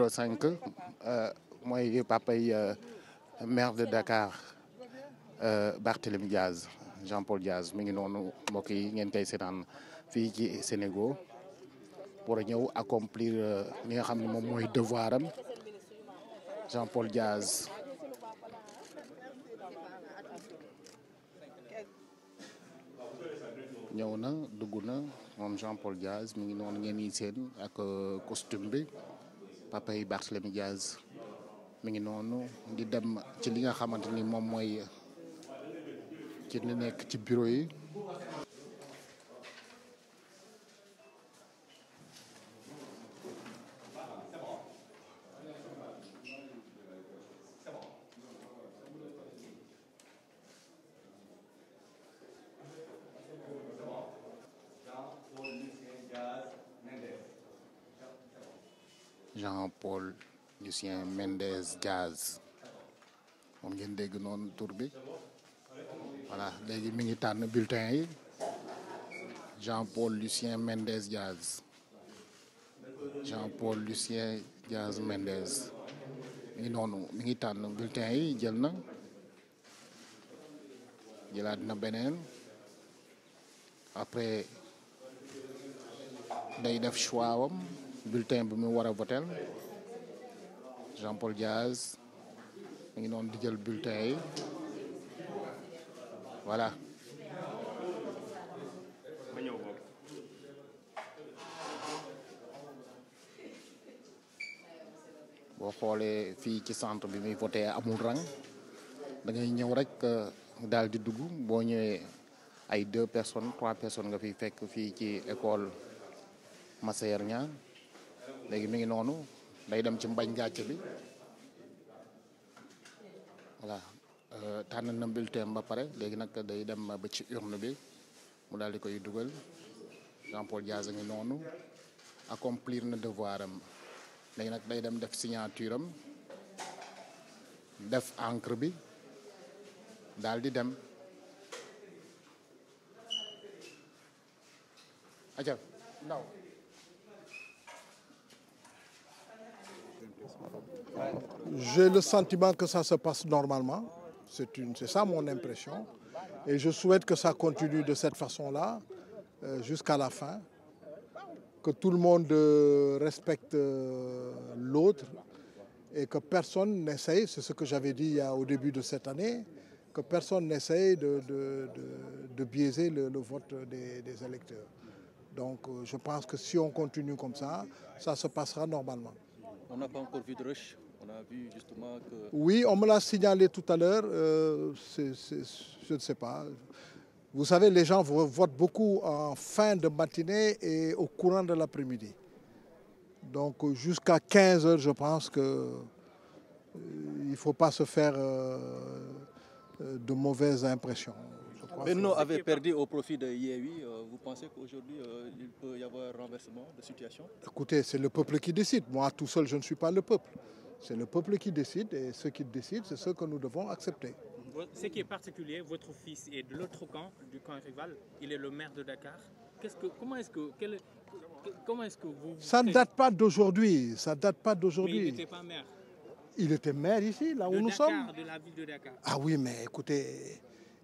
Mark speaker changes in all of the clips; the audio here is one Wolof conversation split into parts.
Speaker 1: Bureau euh, 5 mooy papay euh, maire de Dakar euh, Barthélémy Diaz Jean Paul Diaz mi ngi noonu mbokk yi ngeen koy seetaan fii ci Sénégal pour a ñëw accomplir li nga xam ne moom mooy devoir am Jean Paul Diaz ñëw na dugg na moom Jean Paul Diaz mi ngi noonu ngeen yi seen ak costume bi papa yi Barthélemy Diaz ngi noonu di dem ci li nga xamante ni moom mooy ci li nekk ci bureau yi. Jean-Paul Lucien Mendez Diaz moom ngeen dégg noonu tur bi voilà léegi mi ngi tànn bulletin yi Jean-Paul Lucien Mendez Diaz Jean-Paul Lucien Diaz Mendez mi ngi noonu mi ngi tànn bulletin yi jël na jëlaat na beneen après day def choix bulletin bi mu war a votel Jean Paul Diaz mu ngi noonu di jël bulletin yi voilà. boo xoolee fii ci centre bi muy voté amul rang dangay ñëw rek euh, daal di dugg boo ñëwee ay deux personnes trois personnes nga fi fekk fii ci école Massaër Niang léegi mi ngi noonu day dem ci mbañ gàcce bi voilà euh, tànn na bulletin ba pare léegi nag day dem ba ci urne bi mu daal di koy dugal Jean Paul Diaz ngi noonu accomplir na devoir am léegi nag day dem def signature am def encre bi daal di dem aca ndaw
Speaker 2: J'ai le sentiment que ça se passe normalement. C'est une, c'est ça mon impression. Et je souhaite que ça continue de cette façon-là euh, jusqu'à la fin, que tout le monde euh, respecte euh, l'autre et que personne n'essaye, c'est ce que j'avais dit au début de cette année, que personne n'essaye de, de, de, de, biaiser le, le vote des, des électeurs. Donc euh, je pense que si on continue comme ça, ça se passera normalement. On n'a pas encore vu de rush. On a vu justement que... Oui, on me l'a signalé tout à l'heure. Euh, je ne sais pas. Vous savez, les gens votent beaucoup en fin de matinée et au courant de l'après-midi. Donc jusqu'à 15 heures, je pense que euh, il ne faut pas se faire euh, euh de mauvaises impressions. Benno avait perdu au profit de Yewwi. Euh, vous pensez qu'aujourd'hui, euh, il peut y avoir renversement de situation? Écoutez, c'est le peuple qui décide. Moi, tout seul, je ne suis pas le peuple. C'est le peuple qui décide et ce qui décide, c'est ce que nous devons accepter.
Speaker 1: Ce qui est particulier, votre fils est de l'autre camp, du camp rival. Il est le maire de Dakar. Qu'est-ce que, comment est-ce que, quel, comment est-ce que vous... Ça ne date
Speaker 2: pas d'aujourd'hui. Ça ne date pas d'aujourd'hui. Mais il n'était pas maire. Il était maire ici, là où de nous Dakar, sommes.
Speaker 1: De la ville de Dakar.
Speaker 2: Ah oui, mais écoutez,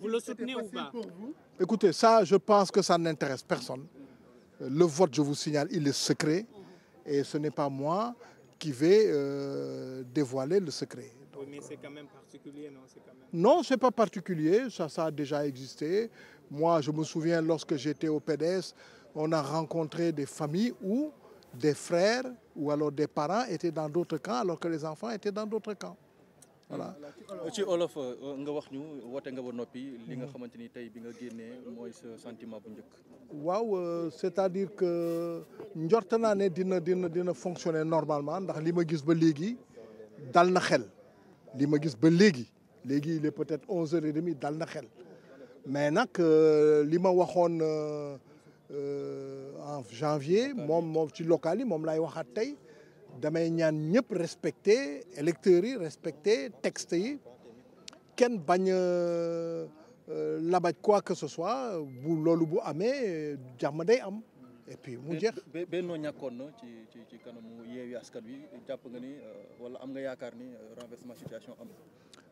Speaker 2: Vous le soutenez ou pas Écoutez, ça, je pense que ça n'intéresse personne. Euh, le vote, je vous signale, il est secret. Et ce n'est pas moi qui vais euh, dévoiler le secret. Donc, oui, mais c'est
Speaker 1: quand même particulier,
Speaker 2: non quand même... Non, ce n'est pas particulier. Ça, ça a déjà existé. Moi, je me souviens, lorsque j'étais au PDS, on a rencontré des familles où des frères ou alors des parents étaient dans d'autres camps alors que les enfants étaient dans d'autres camps. voilà. ci olof euh, nga wax ñu woote nga ba noppi. li nga xamante ni tey bi nga génnee mooy sa sentiment bu njëkk. waaw euh, c'est-à-dire que njort naa ne dina dina dina fonctionner normalement ndax li ma gis ba léegi dal na xel li ma gis ba léegi léegi il est peut-être onze heures et demie dal na xel mais nag euh, li ma waxoon en janvier moom moom ci local yi moom laay waxaat tey. damay ñaan ñëpp respecter électeurs yi respecter texte yi kenn bañ a euh, labaj quoi que ce soit bu loolu bu amee jàmm day am et mu jeex. Benno ñàkkoon na ci ci ci kanamu Askan Wi jàpp nga ni euh, wala am nga yaakaar ni euh, renversement situation am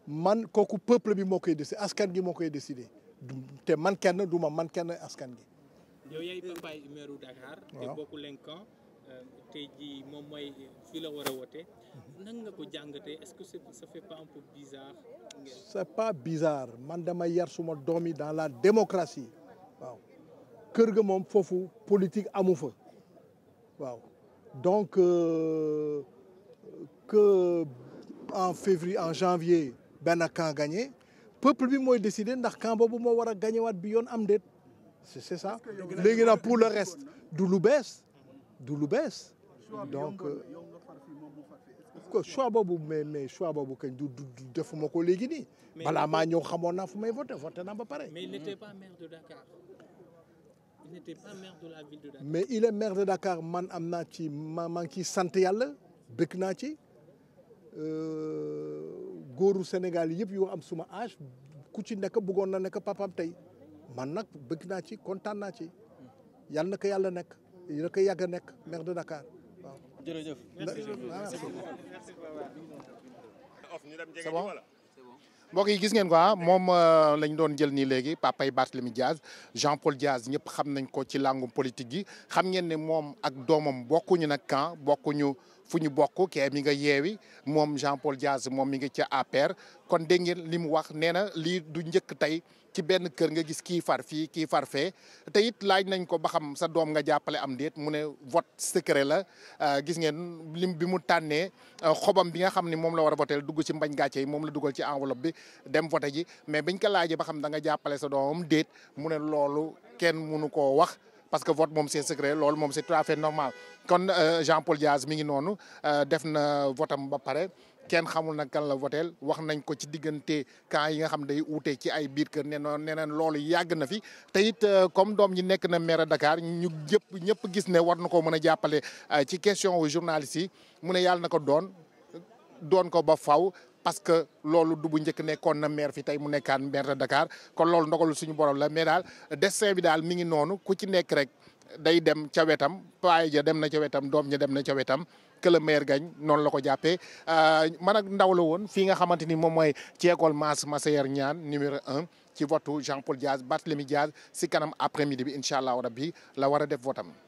Speaker 2: man kooku peuple bi moo koy décidé askan gi moo koy décidé te man kenn du ma man kenn askan gi.
Speaker 1: Euh, tey jii moom mooy fii la war a wote nan nga ko jàngatee est-ce que ça pas un peu bizarre.
Speaker 2: c'est pas bizarre man dama yar suma doom yi dans la démocratie waaw kër ga moom foofu politique amu fa waaw donc euh, en février en janvier benn camp gagné peuple bi mooy décider ndax camp boobu moo war a gagné waat bi yoon am déet c'est ça léegi nag pour le reste du lu bees du lu bees donc euh, choix boobu mais mais choix boobu kañ du du ko léegi nii balaa maa ñëw xamoon naa fu may voté voté naa ba pare mais il n'était pas maire de Dakar man am naa ci ma maa ngi ciy sant yàlla bëgg naa ci euh, góoru Sénégal yëpp yoo am suma âge ku ci nekk bëggoon na nekk papam tey man nag bëgg naa ci kontaan naa ci yàlla na yàlla nekk da koy yàgg a nekk maire de Dakar waaw. jërëjëf merci c'est bon
Speaker 1: mbokk yi gis ngeen ko ah moom euh, lañ doon jël nii léegi papay Barthélemy Diaz Jean-Paul Diaz ñëpp xam nañ ko ci làngum politique gi xam ngeen ne moom ak doomam bokkuñu nag camp bokkuñu. fu ñu bokk ke mi nga yeewi moom Jean Paul Diaz moom mi nga ca APR kon dégg ngeen li mu wax nee na lii du njëkk tey ci benn kër nga gis kii far fii kii far fee te it laaj nañ ko ba xam sa doom nga jàppale am déet mu ne vote secret la euh, gis ngeen lim bi mu tànnee euh, xobam bi nga xam ni moom la war a voter dugg ci mbañ gàcce yi moom la dugal ci enveloppe bi dem voter ji mais biñ ko laajee ba xam da nga jàppale sa doom déet mu ne loolu kenn mënu koo wax parce que vote moom c'est secret loolu moom c'est tout fait normal kon euh, Jean-Paul Dias mi ngi noonu euh, def na votam ba pare kenn xamul na kan la voteel wax nañ ko ci diggante camp yi nga xam day uute ci ay biir kër nee noon neneen loolu yàgg na fi teyit it euh, comme doom ñi nekk na maire Dakar ñu ñëpp ñëpp gis ne war na ko mën a jàppale ci question wu journaliste yi mu ne yàlla na ko doon doon ko ba faw parce que loolu du bu njëkk nekkoon na maire fi tey mu nekkaan maire de Dakar kon loolu ndogalu suñu borom la mais daal destin bi daal mi ngi noonu ku ci nekk rek day dem ca wetam paay ja dem na ca wetam doom ja dem na ca wetam que maire gañ noonu la ko jàppee euh, man ak ndaw la woon fii nga xamante ni moom mooy ci école Mass Massaër Niane numéro un ci votu Jean Paul Diaz Barthélémy Diaz si kanam après midi bi incha allah rabbi la war a def votam